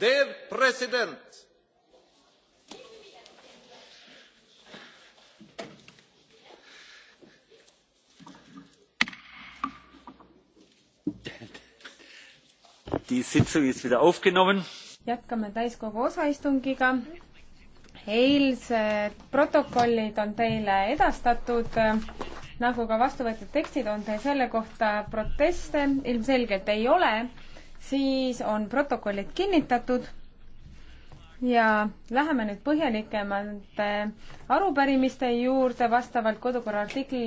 der präsident! die sitzung ist wieder aufgenommen. jätkame täiskogu osaistungiga. eilsed protokollid on teile edastatud nagu ka vastuvõetud tekstid, on teil selle kohta proteste? ilmselgelt ei ole siis on protokollid kinnitatud ja läheme nüüd põhjalikemate arupärimiste juurde vastavalt kodukorra artiklile